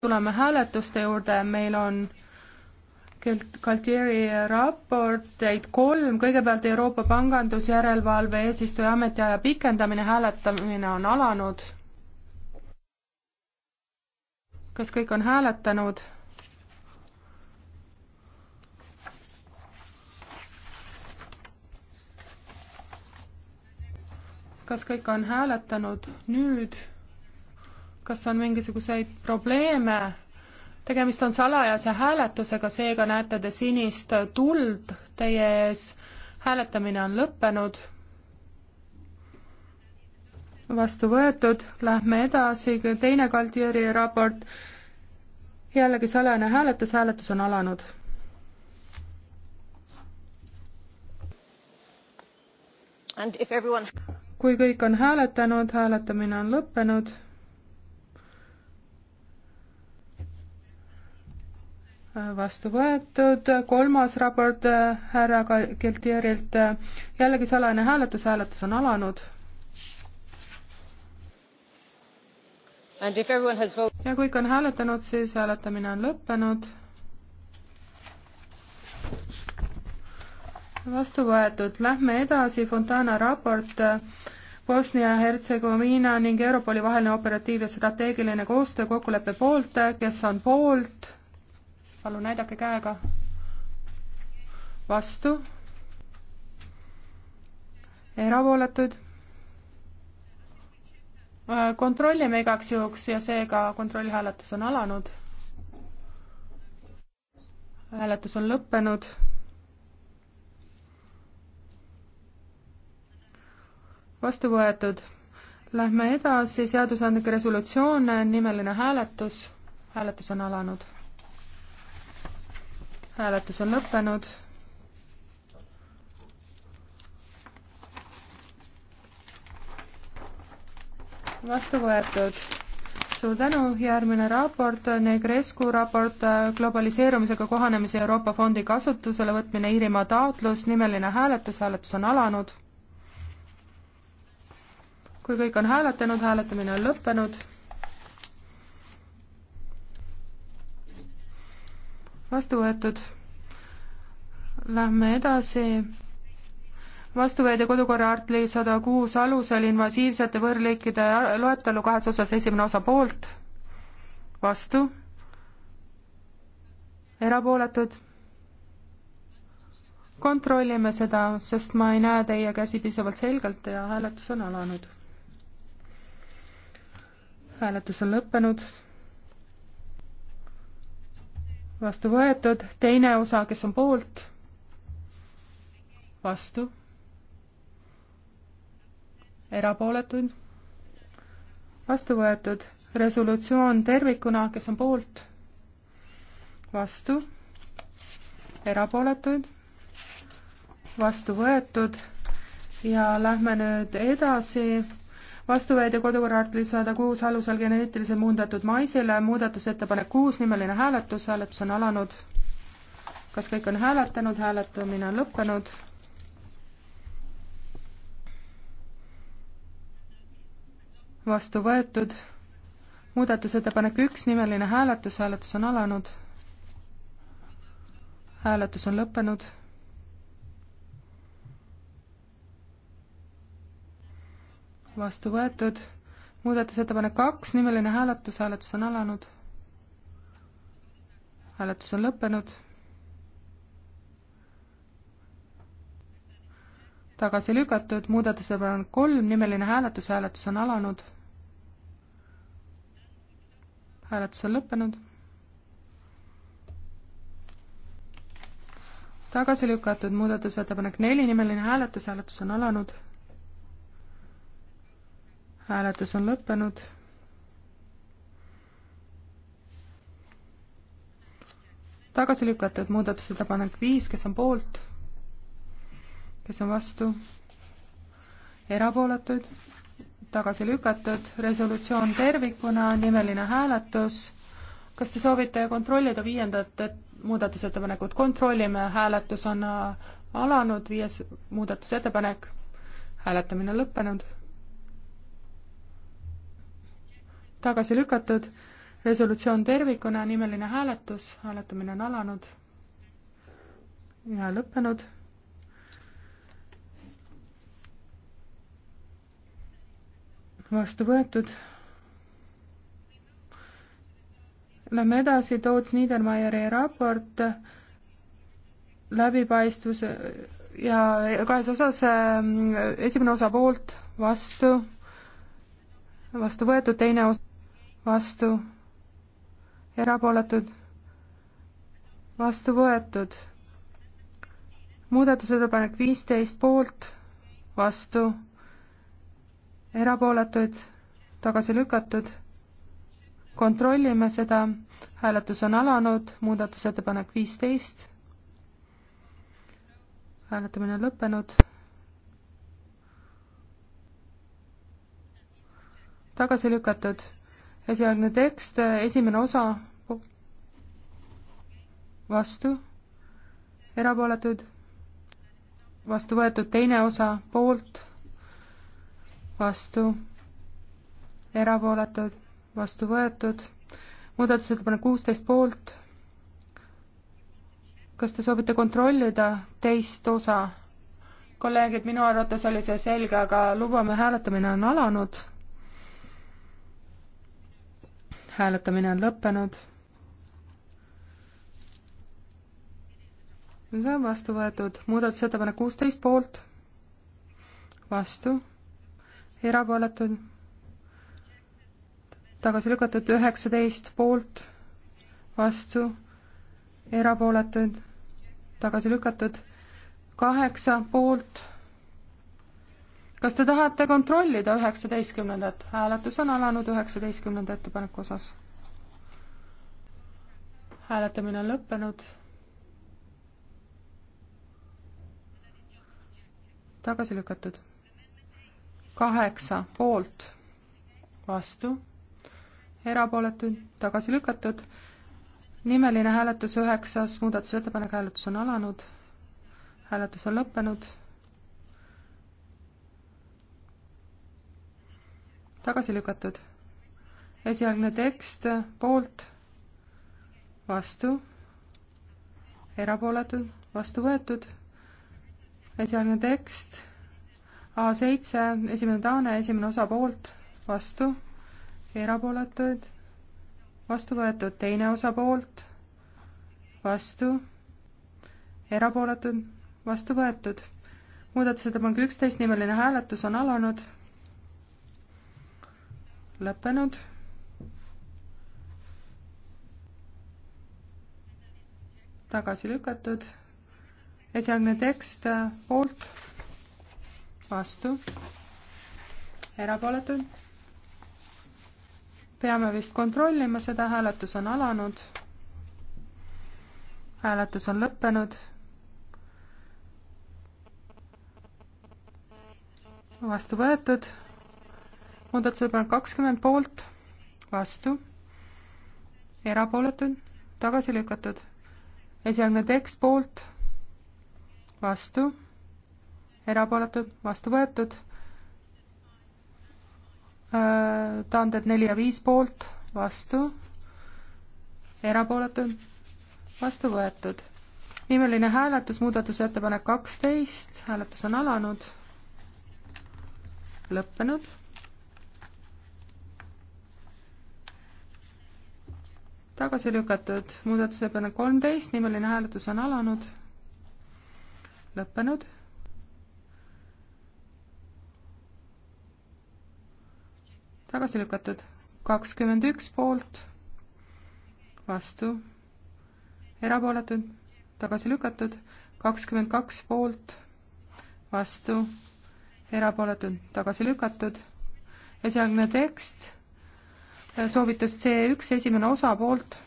tuleme hääletuste juurde, meil on Galtieri raporteid kolm, kõigepealt Euroopa Pangandusjärelevalve eesistuja ametiaja pikendamine, hääletamine on alanud. kas kõik on hääletanud? kas kõik on hääletanud nüüd? kas on mingisuguseid probleeme? tegemist on salajase hääletusega, seega näete te sinist tuld teie ees. hääletamine on lõppenud. vastu võetud, lähme edasi, teine Galtieri raport. jällegi salajane hääletus, hääletus on alanud Everyone... kui kõik on hääletanud, hääletamine on lõppenud vastu võetud, kolmas raport äh, härra Geltierilt, jällegi salajane hääletus, hääletus on alanud. ja kui ikka on hääletanud, siis hääletamine on lõppenud. vastu võetud, lähme edasi, Fontana raport äh, Bosnia-Hertsegoviina ning Europoli vaheline operatiiv- ja strateegiline koostöö kokkuleppe poolt, äh, kes on poolt palun näidake käega. vastu. erapooletuid. Äh, kontrollime igaks juhuks ja seega kontrollhääletus on alanud. hääletus on lõppenud. vastu võetud. Lähme edasi, seadusandlike resolutsioone, nimeline hääletus. hääletus on alanud hääletus on lõppenud. vastu võetud. suur tänu, järgmine raport, Negrescu raport globaliseerumisega kohanemise Euroopa Fondi kasutusele võtmine Iirimaa taotlus, nimeline hääletus, hääletus on alanud. kui kõik on hääletanud, hääletamine on lõppenud vastu võetud Lähme edasi. vastuväide kodukorra artikli sada kuus alusel invasiivsete võõrliikide loetelu kahes osas, esimene osa poolt, vastu, erapooletud. kontrollime seda, sest ma ei näe teie käsi piisavalt selgelt ja hääletus on alanud. hääletus on lõppenud vastu võetud, teine osa, kes on poolt, vastu, erapooletuid, vastu võetud resolutsioon tervikuna, kes on poolt, vastu, erapooletuid, vastu võetud ja lähme nüüd edasi vastuväide kodukorra artikli sada kuus alusel geneetiliselt muundatud maisile, muudatusettepanek kuus, nimeline hääletus, hääletus on alanud. kas kõik on hääletanud, hääletamine on lõppenud vastu võetud. muudatusettepanek üks, nimeline hääletus, hääletus on alanud. hääletus on lõppenud. vastu võetud. muudatusettepanek kaks, nimeline hääletus, hääletus on alanud. hääletus on lõppenud. tagasi lükatud, muudatusettepanek kolm, nimeline hääletus, hääletus on alanud hääletus on lõppenud. tagasi lükatud muudatusettepanek neli, nimeline hääletus, hääletus on alanud. hääletus on lõppenud. tagasi lükatud muudatusettepanek viis, kes on poolt? kes on vastu? erapooletuid? tagasi lükatud, resolutsioon tervikuna, nimeline hääletus. kas te soovite kontrollida viiendat muudatusettepanekut? kontrollime, hääletus on äh, alanud, viies muudatusettepanek, hääletamine lõppenud. tagasi lükatud, resolutsioon tervikuna, nimeline hääletus, hääletamine on alanud ja lõppenud vastu võetud. Lähme edasi, Toots Niedermayeri raport läbipaistvus ja kahes osas ähm, esimene osa poolt, vastu, vastu võetud, teine osa vastu, erapooletud, vastu võetud. muudatusettepanek viisteist poolt, vastu erapooletuid, tagasi lükatud. kontrollime seda, hääletus on alanud, muudatusettepanek viisteist. hääletamine on lõppenud. tagasi lükatud, esialgne tekst, esimene osa, vastu, erapooletuid, vastu võetud teine osa, poolt vastu, erapooletud, vastu võetud, muudatusettepanek kuusteist poolt. kas te soovite kontrollida teist osa? kolleegid, minu arvates oli see selge, aga lubame, hääletamine on alanud. hääletamine on lõppenud. see on vastu võetud, muudatusettepanek kuusteist poolt, vastu erapooletud, tagasi lükatud üheksateist poolt, vastu, erapooletud, tagasi lükatud kaheksa poolt. kas te tahate kontrollida üheksateistkümnendat? hääletus on alanud üheksateistkümnenda ettepaneku osas. hääletamine on lõppenud. tagasi lükatud kaheksa poolt, vastu, erapooletuid, tagasi lükatud. nimeline hääletus üheksas, muudatusettepanek, hääletus on alanud, hääletus on lõppenud. tagasi lükatud. esialgne tekst poolt, vastu, erapooletud, vastu võetud. esialgne tekst A7, esimene taane, esimene osa poolt, vastu, erapooletuid, vastu võetud, teine osa poolt, vastu, erapooletud, vastu võetud. muudatusettepanek üksteist, nimeline hääletus on alanud, lõppenud tagasi lükatud. esialgne tekst äh, poolt vastu, erapooletud. peame vist kontrollima seda, hääletus on alanud. hääletus on lõppenud. vastu võetud. muudatusettepanek kakskümmend poolt, vastu, erapooletud, tagasi lükatud. esialgne tekst poolt, vastu erapooletud, vastu võetud. Äh, taanded neli ja viis poolt, vastu, erapooletud, vastu võetud. nimeline hääletus, muudatusettepanek kaksteist, hääletus on alanud, lõppenud. tagasi lükatud muudatusettepanek kolmteist, nimeline hääletus on alanud, lõppenud tagasi lükatud. kakskümmend üks poolt, vastu, erapooletud, tagasi lükatud. kakskümmend kaks poolt, vastu, erapooletud, tagasi lükatud. esialgne tekst, äh, soovitus C1, esimene osa poolt,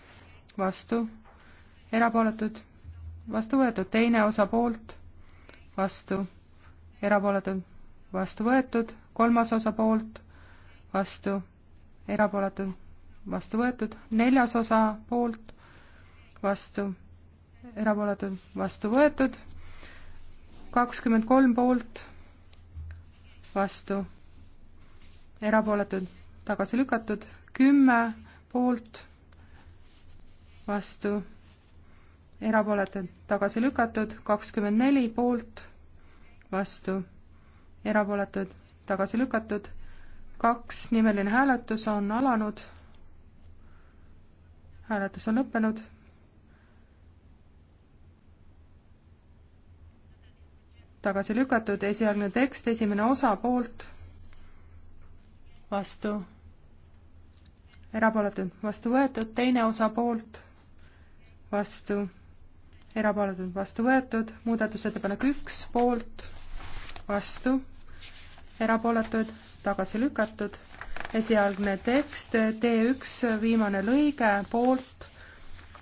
vastu, erapooletud, vastu võetud, teine osa poolt, vastu, erapooletud, vastu võetud, kolmas osa poolt vastu, erapooletu, vastu võetud, neljas osa poolt, vastu, erapooletu, vastu võetud, kakskümmend kolm poolt, vastu, erapooletud, tagasi lükatud, kümme poolt, vastu, erapooletud, tagasi lükatud, kakskümmend neli poolt, vastu, erapooletud, tagasi lükatud kaks nimeline hääletus on alanud. hääletus on lõppenud. tagasi lükatud, esialgne tekst, esimene osa poolt, vastu, erapooletud, vastu võetud, teine osa poolt, vastu, erapooletud, vastu võetud, muudatusettepanek üks, poolt, vastu erapooletud, tagasi lükatud. esialgne tekst, T1, viimane lõige, poolt,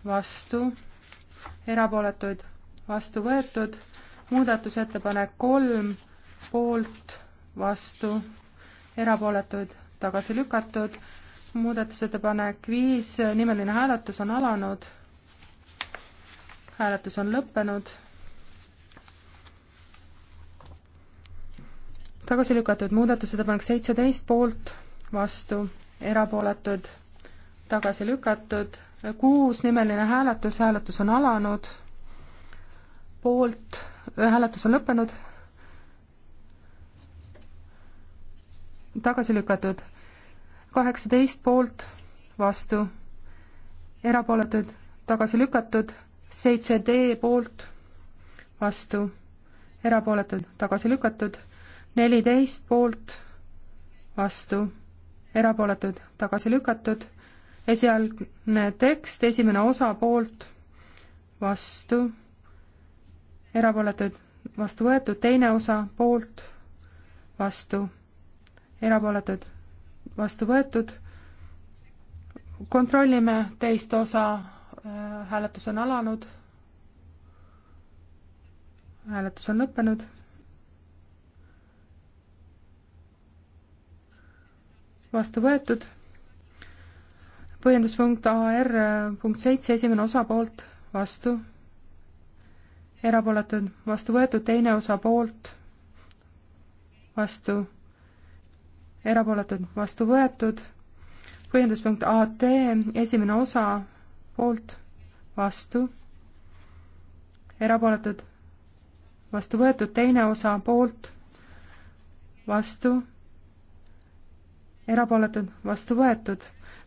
vastu, erapooletuid, vastu võetud. muudatusettepanek kolm, poolt, vastu, erapooletuid, tagasi lükatud. muudatusettepanek viis, nimeline hääletus on alanud. hääletus on lõppenud tagasi lükatud muudatusettepanek seitseteist poolt, vastu, erapooletud, tagasi lükatud, kuus nimeline hääletus, hääletus on alanud, poolt, äh, hääletus on lõppenud, tagasi lükatud, kaheksateist poolt, vastu, erapooletud, tagasi lükatud, seitse D poolt, vastu, erapooletud, tagasi lükatud neliteist poolt, vastu, erapooletud, tagasi lükatud, esialgne tekst, esimene osa poolt, vastu, erapooletud, vastu võetud, teine osa poolt, vastu, erapooletud, vastu võetud, kontrollime teist osa, hääletus on alanud, hääletus on lõppenud vastu võetud. põhjenduspunkt AR punkt seitse, esimene osapoolt, vastu, erapooletud, vastu võetud, teine osapoolt, vastu, erapooletud, vastu võetud. põhjenduspunkt AT, esimene osa, poolt, vastu, erapooletud, vastu võetud, teine osa, poolt, vastu erapooletud, vastu võetud.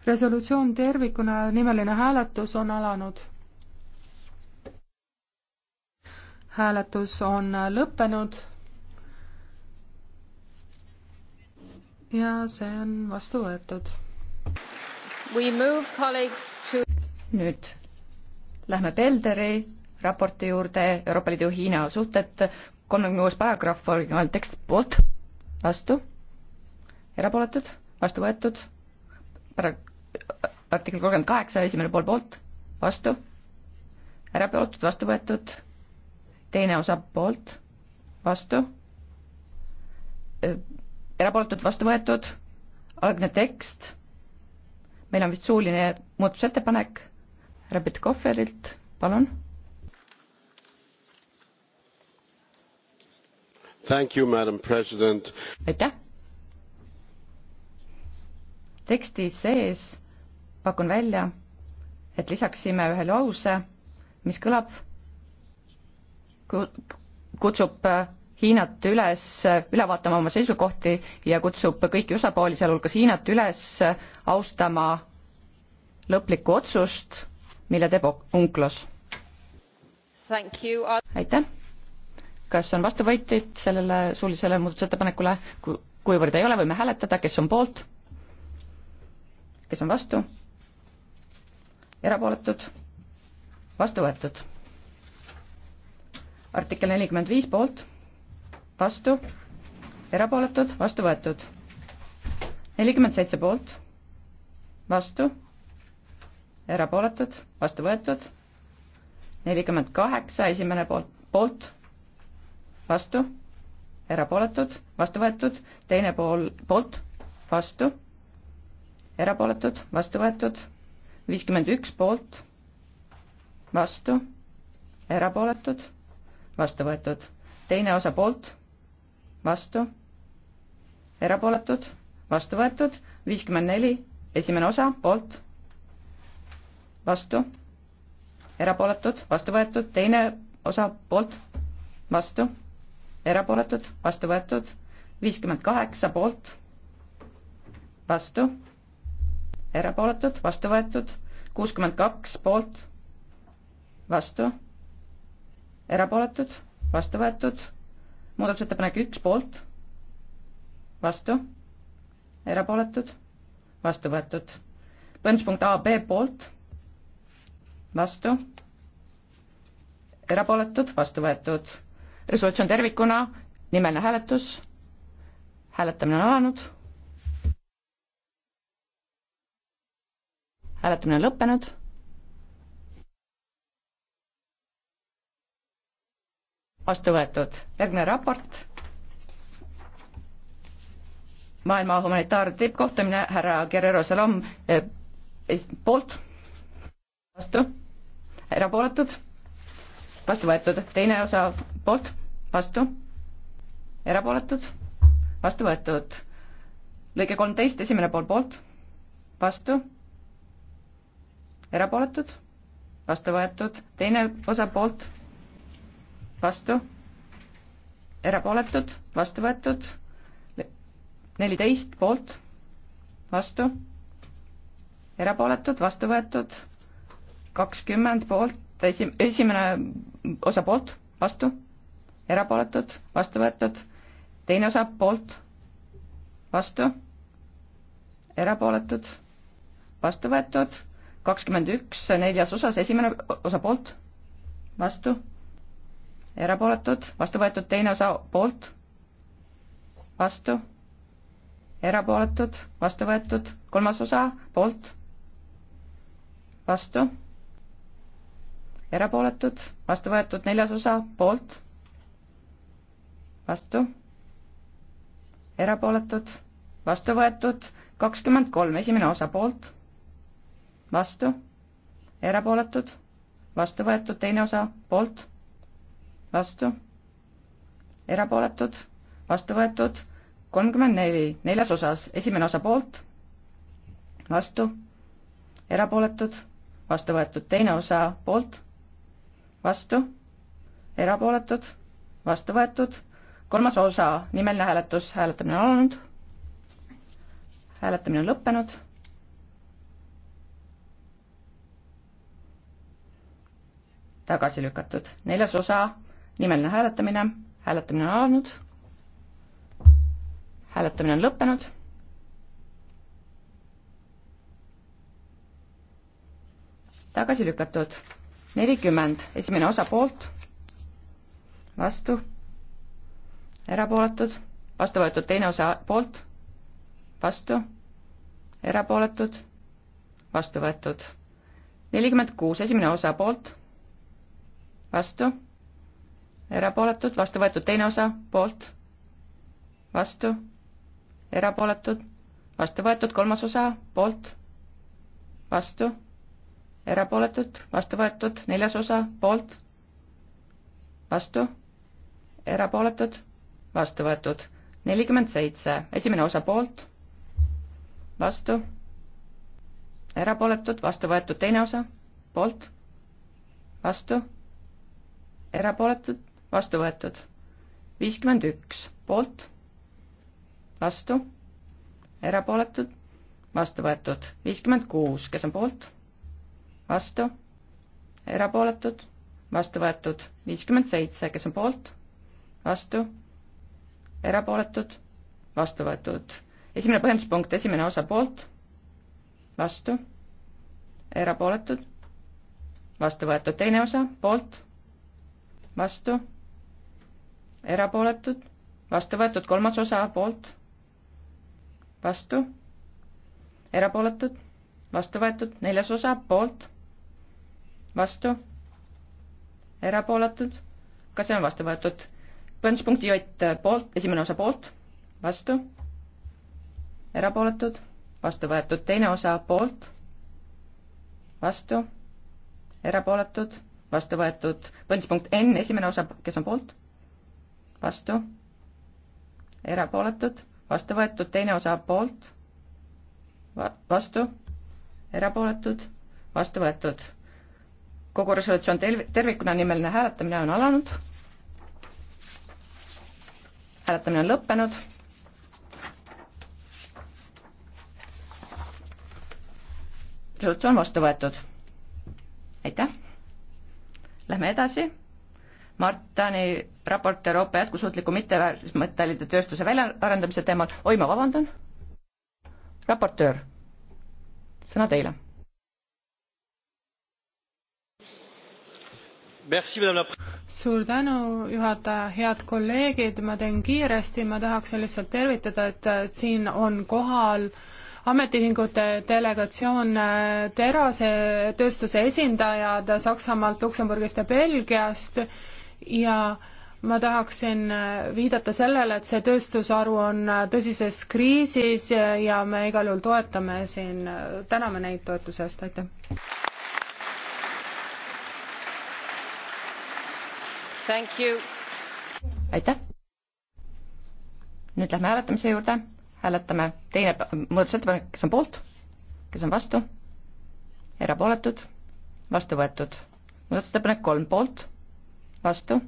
resolutsioon tervikuna, nimeline hääletus on alanud. hääletus on lõppenud. ja see on vastu võetud. To... nüüd lähme Belderi raporti juurde Euroopa Liidu Hiina suhted, kolmekümne kuues paragrahv, originaaltekst poolt, vastu, erapooletud vastu võetud, artikkel kolmkümmend kaheksa, esimene pool poolt, vastu, erapooletud, vastu võetud, teine osa poolt, vastu, erapooletud, vastu võetud, algne tekst, meil on vist suuline muudatusettepanek, Rabbit Kohverilt, palun You, aitäh teksti sees pakun välja, et lisaksime ühe lause, mis kõlab, kutsub äh, Hiinat üles äh, üle vaatama oma seisukohti ja kutsub kõiki osapooli, sealhulgas Hiinat üles äh, austama lõplikku otsust, mille teeb UNCLOS. aitäh. kas on vastuvõtjaid sellele suulisele muudatusettepanekule, kuivõrd ei ole, võime hääletada, kes on poolt kes on vastu? erapooletud? vastu võetud. artikkel nelikümmend viis poolt, vastu, erapooletud, vastu võetud. nelikümmend seitse poolt, vastu, erapooletud, vastu võetud. nelikümmend kaheksa, esimene poolt, poolt, vastu, erapooletud, vastu võetud, teine pool, poolt, vastu erapooletud, vastu võetud, viiskümmend üks poolt, vastu, erapooletud, vastu võetud, teine osa poolt, vastu, erapooletud, vastu võetud, viiskümmend neli, esimene osa poolt, vastu, erapooletud, vastu võetud, teine osa poolt, vastu, erapooletud, vastu võetud, viiskümmend kaheksa poolt, vastu erapooletud, vastu võetud, kuuskümmend kaks poolt, vastu, erapooletud, vastu võetud, muudatusettepanek üks poolt, vastu, erapooletud, vastu võetud, põhjenduspunkt AB poolt, vastu, erapooletud, vastu võetud, resolutsioon tervikuna, nimeline hääletus, hääletamine on alanud hääletamine on lõppenud. vastu võetud, järgmine raport. maailma humanitaartippkohtumine, härra Guerrero Salom eh, poolt, vastu, erapooletud, vastu võetud, teine osa poolt, vastu, erapooletud, vastu võetud, lõige kolmteist, esimene pool poolt, vastu erapooletud, vastu võetud, teine osa poolt, vastu, erapooletud, vastu võetud, neliteist poolt, vastu, erapooletud, vastu võetud, kakskümmend poolt, esi-, esimene osa poolt, vastu, erapooletud, vastu võetud, teine osa poolt, vastu, erapooletud, vastu võetud kakskümmend üks neljas osas, esimene osa poolt, vastu, erapooletud, vastu võetud, teine osa poolt, vastu, erapooletud, vastu võetud, kolmas osa poolt, vastu, erapooletud, vastu võetud, neljas osa poolt, vastu, erapooletud, vastu võetud, kakskümmend kolm, esimene osa poolt vastu, erapooletud, vastu võetud, teine osa poolt, vastu, erapooletud, vastu võetud, kolmkümmend neli, neljas osas, esimene osa poolt, vastu, erapooletud, vastu võetud, teine osa poolt, vastu, erapooletud, vastu võetud, kolmas osa, nimeline hääletus, hääletamine on alanud, hääletamine on lõppenud tagasi lükatud. neljas osa, nimeline hääletamine, hääletamine on alanud, hääletamine on lõppenud, tagasi lükatud, nelikümmend, esimene osa poolt, vastu, erapooletud, vastu võetud teine osa poolt, vastu, erapooletud, vastu võetud, nelikümmend kuus, esimene osa poolt vastu, erapooletud, vastu võetud teine osa, poolt, vastu, erapooletud, vastu võetud kolmas osa, poolt, vastu, erapooletud, vastu võetud neljas osa, poolt, vastu, erapooletud, vastu võetud nelikümmend seitse, esimene osa poolt, vastu, erapooletud, vastu võetud teine osa, poolt, vastu erapooletud, vastu võetud. viiskümmend üks poolt, vastu, erapooletud, vastu võetud. viiskümmend kuus, kes on poolt, vastu, erapooletud, vastu võetud. viiskümmend seitse, kes on poolt, vastu, erapooletud, vastu võetud. esimene põhjenduspunkt, esimene osa poolt, vastu, erapooletud, vastu võetud. teine osa poolt vastu, erapooletud, vastu võetud kolmas osa poolt, vastu, erapooletud, vastu võetud neljas osa poolt, vastu, erapooletud, ka see on vastu võetud. põhjenduspunkti J poolt, esimene osa poolt, vastu, erapooletud, vastu võetud teine osa poolt, vastu, erapooletud vastu võetud, põhjenduspunkt N, esimene osa, kes on poolt? vastu, erapooletud, vastu võetud, teine osa poolt, vastu, erapooletud, vastu võetud. kogu resolutsioon tel-, tervikuna nimeline hääletamine on alanud, hääletamine on lõppenud, resolutsioon vastu võetud. aitäh! Lähme edasi. Martani raport Euroopa jätkusuutliku mitteväärtusmõttelise tööstuse väljaarendamise teemal. oi, ma vabandan. raportöör, sõna teile. suur tänu, juhataja, head kolleegid, ma teen kiiresti, ma tahaksin lihtsalt tervitada, et siin on kohal äh, ametiühingute delegatsioon, äh, terasetööstuse esindajad Saksamaalt, Luksemburgist ja Belgiast ja ma tahaksin äh, viidata sellele, et see tööstusharu on äh, tõsises kriisis ja me igal juhul toetame siin, täname neid toetuse eest, aitäh! aitäh! nüüd lähme hääletamise juurde hääletame teine muudatusettepanek, kes on poolt, kes on vastu, erapooletud, vastu võetud. muudatusettepanek kolm poolt, vastu,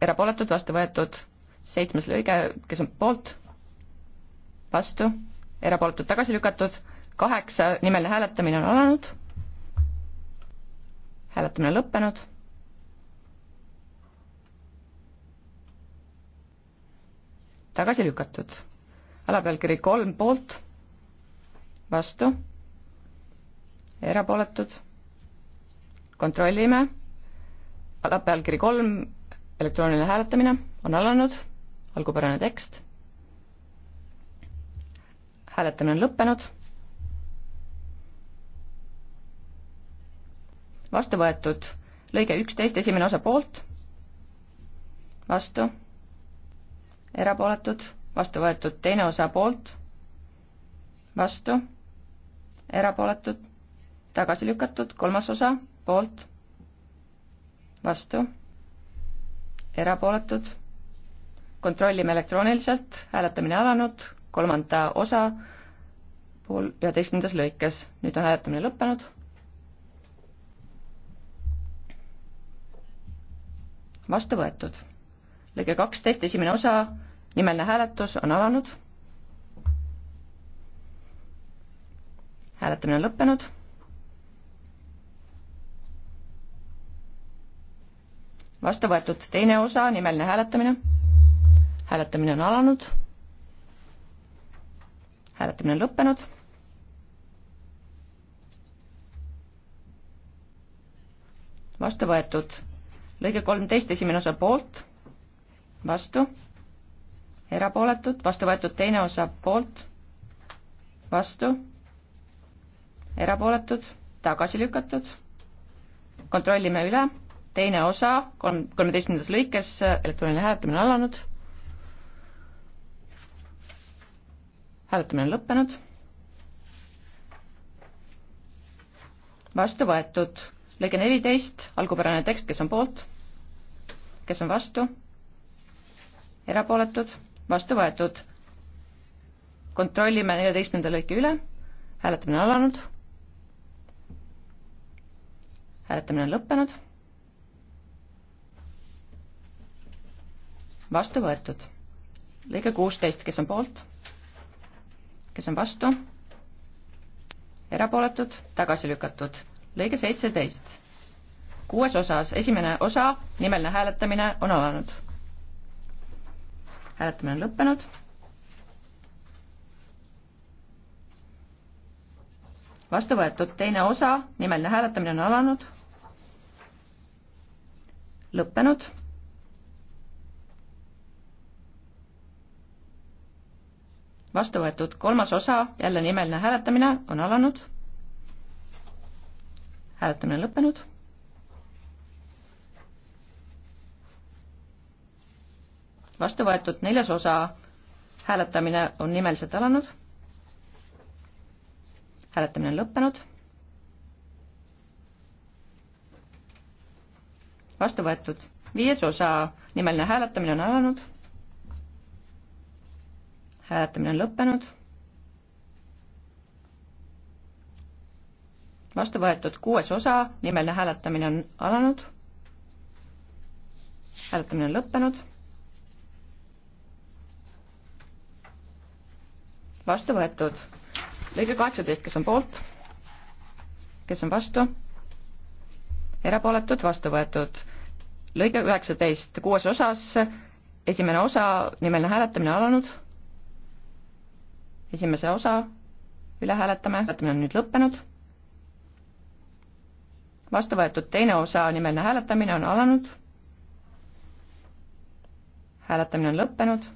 erapooletud, vastu võetud, seitsmes lõige, kes on poolt, vastu, erapooletud, tagasi lükatud, kaheksa nimeline hääletamine on alanud, hääletamine lõppenud tagasi lükatud alapealkiri kolm poolt, vastu, erapooletud, kontrollime, alapealkiri kolm, elektrooniline hääletamine on alanud, algupärane tekst, hääletamine on lõppenud, vastu võetud lõige üksteist, esimene osa poolt, vastu, erapooletud vastu võetud, teine osa poolt, vastu, erapooletud, tagasi lükatud, kolmas osa poolt, vastu, erapooletud, kontrollime elektrooniliselt, hääletamine alanud, kolmanda osa pool üheteistkümnendas lõikes, nüüd on hääletamine lõppenud. vastu võetud. lõige kaksteist, esimene osa nimeline hääletus on alanud. hääletamine on lõppenud. vastu võetud teine osa, nimeline hääletamine. hääletamine on alanud. hääletamine on lõppenud. vastu võetud lõige kolmteist, esimene osa poolt, vastu erapooletud, vastu võetud teine osa poolt, vastu, erapooletud, tagasi lükatud. kontrollime üle, teine osa kolm, kolmeteistkümnendas lõikes, elektrooniline hääletamine on alanud. hääletamine on lõppenud. vastu võetud, lõige neliteist, algupärane tekst, kes on poolt, kes on vastu, erapooletud vastu võetud. kontrollime neljateistkümnenda lõike üle, hääletamine on alanud, hääletamine on lõppenud, vastu võetud. lõige kuusteist, kes on poolt, kes on vastu, erapooletud, tagasi lükatud. lõige seitseteist, kuues osas, esimene osa, nimeline hääletamine on alanud hääletamine on lõppenud. vastu võetud teine osa, nimeline hääletamine on alanud. lõppenud. vastu võetud kolmas osa, jälle nimeline hääletamine on alanud. hääletamine on lõppenud vastu võetud, neljas osa, hääletamine on nimeliselt alanud. hääletamine on lõppenud. vastu võetud, viies osa, nimeline hääletamine on alanud. hääletamine on lõppenud. vastu võetud kuues osa, nimeline hääletamine on alanud. hääletamine on lõppenud vastu võetud. lõige kaheksateist, kes on poolt? kes on vastu? erapooletud, vastu võetud. lõige üheksateist, kuues osas, esimene osa, nimeline hääletamine alanud. esimese osa üle hääletame, hääletamine on nüüd lõppenud. vastu võetud teine osa, nimeline hääletamine on alanud. hääletamine on lõppenud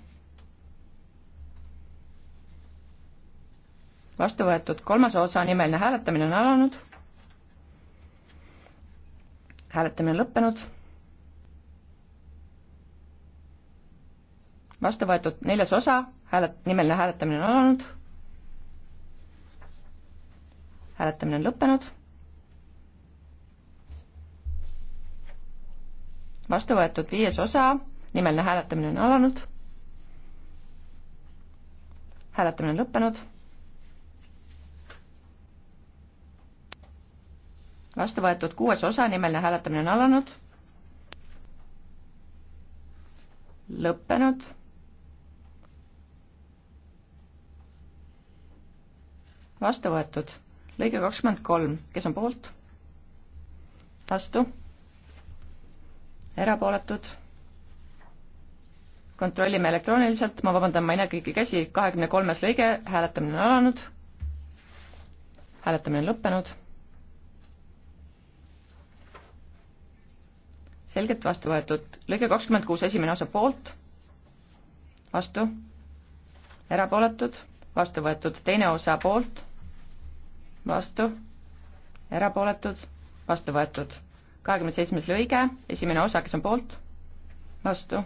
vastu võetud, kolmas osa, nimeline hääletamine on alanud. hääletamine on lõppenud. vastu võetud neljas osa, häälet-, nimeline hääletamine on alanud. hääletamine on lõppenud vastu võetud viies osa, nimeline hääletamine on alanud. hääletamine on lõppenud vastu võetud kuues osa, nimeline hääletamine on alanud. lõppenud. vastu võetud lõige kakskümmend kolm, kes on poolt? vastu? erapooletud? kontrollime elektrooniliselt, ma vabandan, ma ei näe kõiki käsi, kahekümne kolmes lõige, hääletamine on alanud, hääletamine on lõppenud selgelt vastu võetud. lõige kakskümmend kuus, esimene osa poolt, vastu, erapooletud, vastu võetud, teine osa poolt, vastu, erapooletud, vastu võetud. kahekümne seitsmes lõige, esimene osa, kes on poolt, vastu,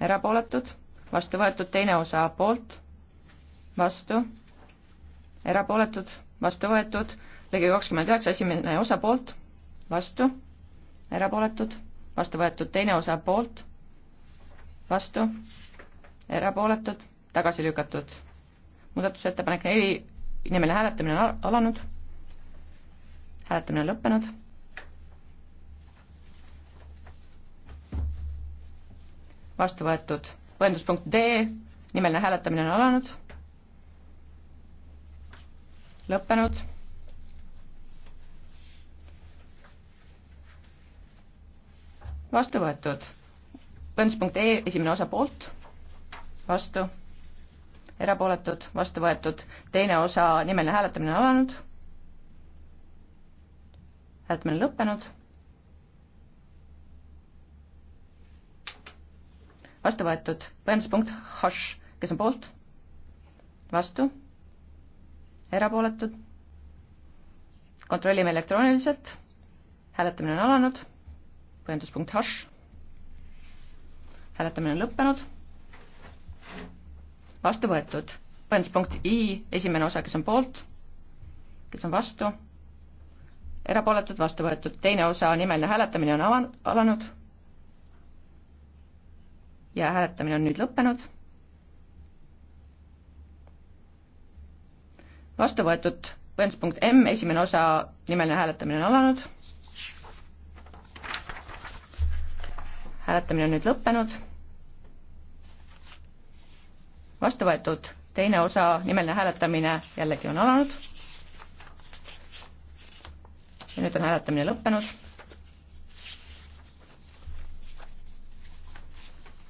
erapooletud, vastu võetud, teine osa poolt, vastu, erapooletud, vastu võetud, lõige kakskümmend üheksa, esimene osa poolt, vastu, erapooletud vastu võetud teine osa poolt, vastu, erapooletud, tagasi lükatud. muudatusettepanek neli, inimene hääletamine on alanud, hääletamine on lõppenud. vastu võetud põhjenduspunkt D, nimeline hääletamine on alanud, lõppenud vastu võetud. põhjendus.ee esimene osa poolt, vastu, erapooletud, vastu võetud, teine osa, nimeline hääletamine on alanud, hääletamine lõppenud, vastu võetud, põhjenduspunkt hash, kes on poolt, vastu, erapooletud, kontrollime elektrooniliselt, hääletamine on alanud põhjenduspunkt hash. hääletamine on lõppenud. vastu võetud. põhjenduspunkt I, esimene osa, kes on poolt, kes on vastu, erapooletud, vastu võetud. teine osa, nimeline hääletamine on avan-, alanud ja hääletamine on nüüd lõppenud. vastu võetud põhjenduspunkt M, esimene osa, nimeline hääletamine on alanud hääletamine on nüüd lõppenud. vastu võetud teine osa, nimeline hääletamine jällegi on alanud. ja nüüd on hääletamine lõppenud.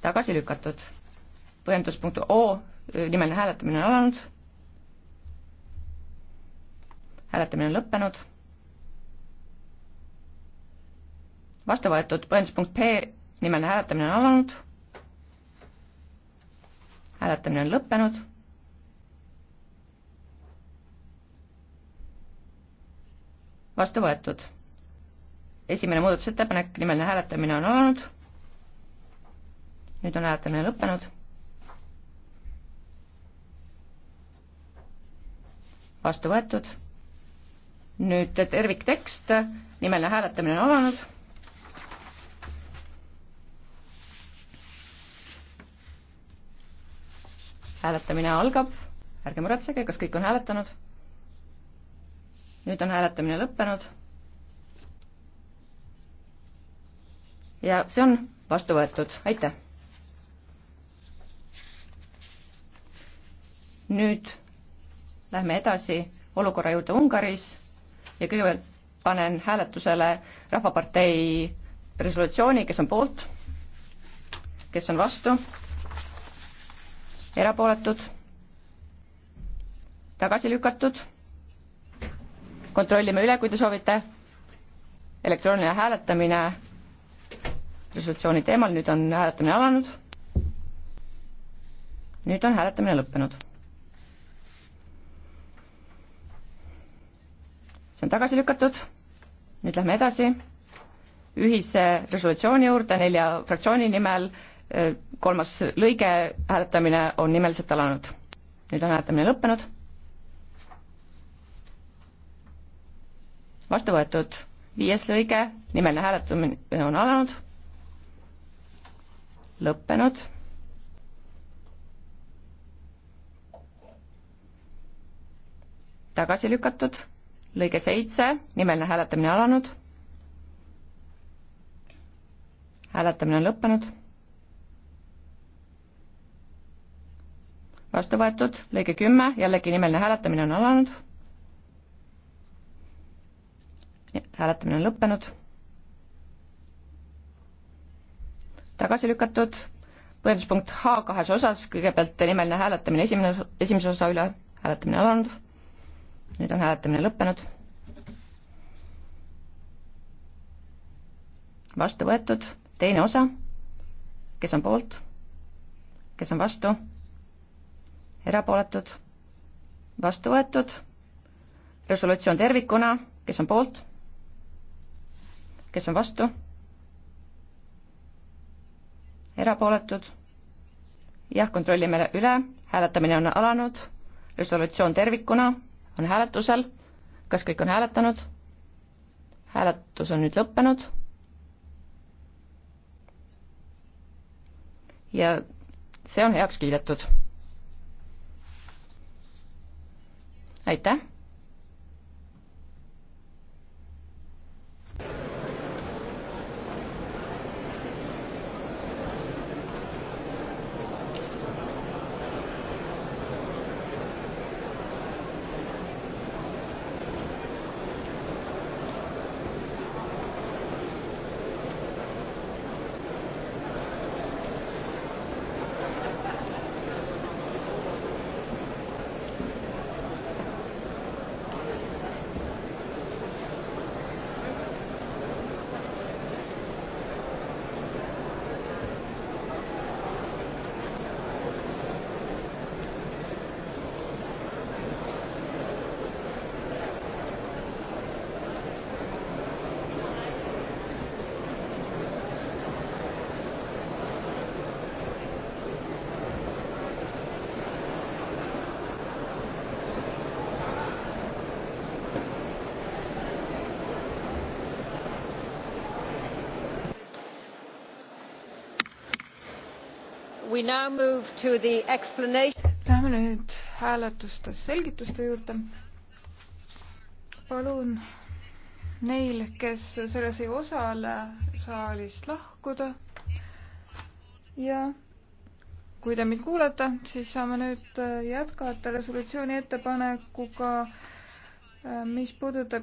tagasi lükatud. põhjenduspunkt O, nimeline hääletamine on alanud. hääletamine on lõppenud. vastu võetud põhjenduspunkt P nimeline hääletamine on alanud. hääletamine on lõppenud. vastu võetud. esimene muudatusettepanek, nimeline hääletamine on alanud. nüüd on hääletamine lõppenud. vastu võetud. nüüd terviktekst, nimeline hääletamine on alanud hääletamine algab, ärge muretsege, kas kõik on hääletanud? nüüd on hääletamine lõppenud. ja see on vastu võetud, aitäh! nüüd lähme edasi olukorra juurde Ungaris ja kõigepealt panen hääletusele Rahvapartei resolutsiooni, kes on poolt, kes on vastu erapooletud, tagasi lükatud. kontrollime üle, kui te soovite. elektrooniline hääletamine resolutsiooni teemal, nüüd on hääletamine alanud. nüüd on hääletamine lõppenud. see on tagasi lükatud. nüüd lähme edasi ühise resolutsiooni juurde nelja fraktsiooni nimel kolmas lõige, hääletamine on nimeliselt alanud. nüüd on hääletamine lõppenud. vastu võetud viies lõige, nimeline hääletamine on alanud. lõppenud. tagasi lükatud, lõige seitse, nimeline hääletamine alanud. hääletamine on lõppenud vastu võetud, lõige kümme, jällegi nimeline hääletamine on alanud. hääletamine on lõppenud. tagasi lükatud, põhjenduspunkt H kahes osas, kõigepealt nimeline hääletamine esimene, esimese osa üle, hääletamine alanud, nüüd on hääletamine lõppenud. vastu võetud, teine osa, kes on poolt, kes on vastu erapooletud, vastu võetud, resolutsioon tervikuna, kes on poolt, kes on vastu, erapooletud, jah, kontrollime üle, hääletamine on alanud, resolutsioon tervikuna on hääletusel, kas kõik on hääletanud, hääletus on nüüd lõppenud ja see on heaks kiidetud aitäh! Läheme nüüd hääletuste selgituste juurde. palun neil, kes selles ei osale, saalist lahkuda. ja kui te mind kuulete, siis saame nüüd jätkata resolutsiooni ettepanekuga, mis puudutab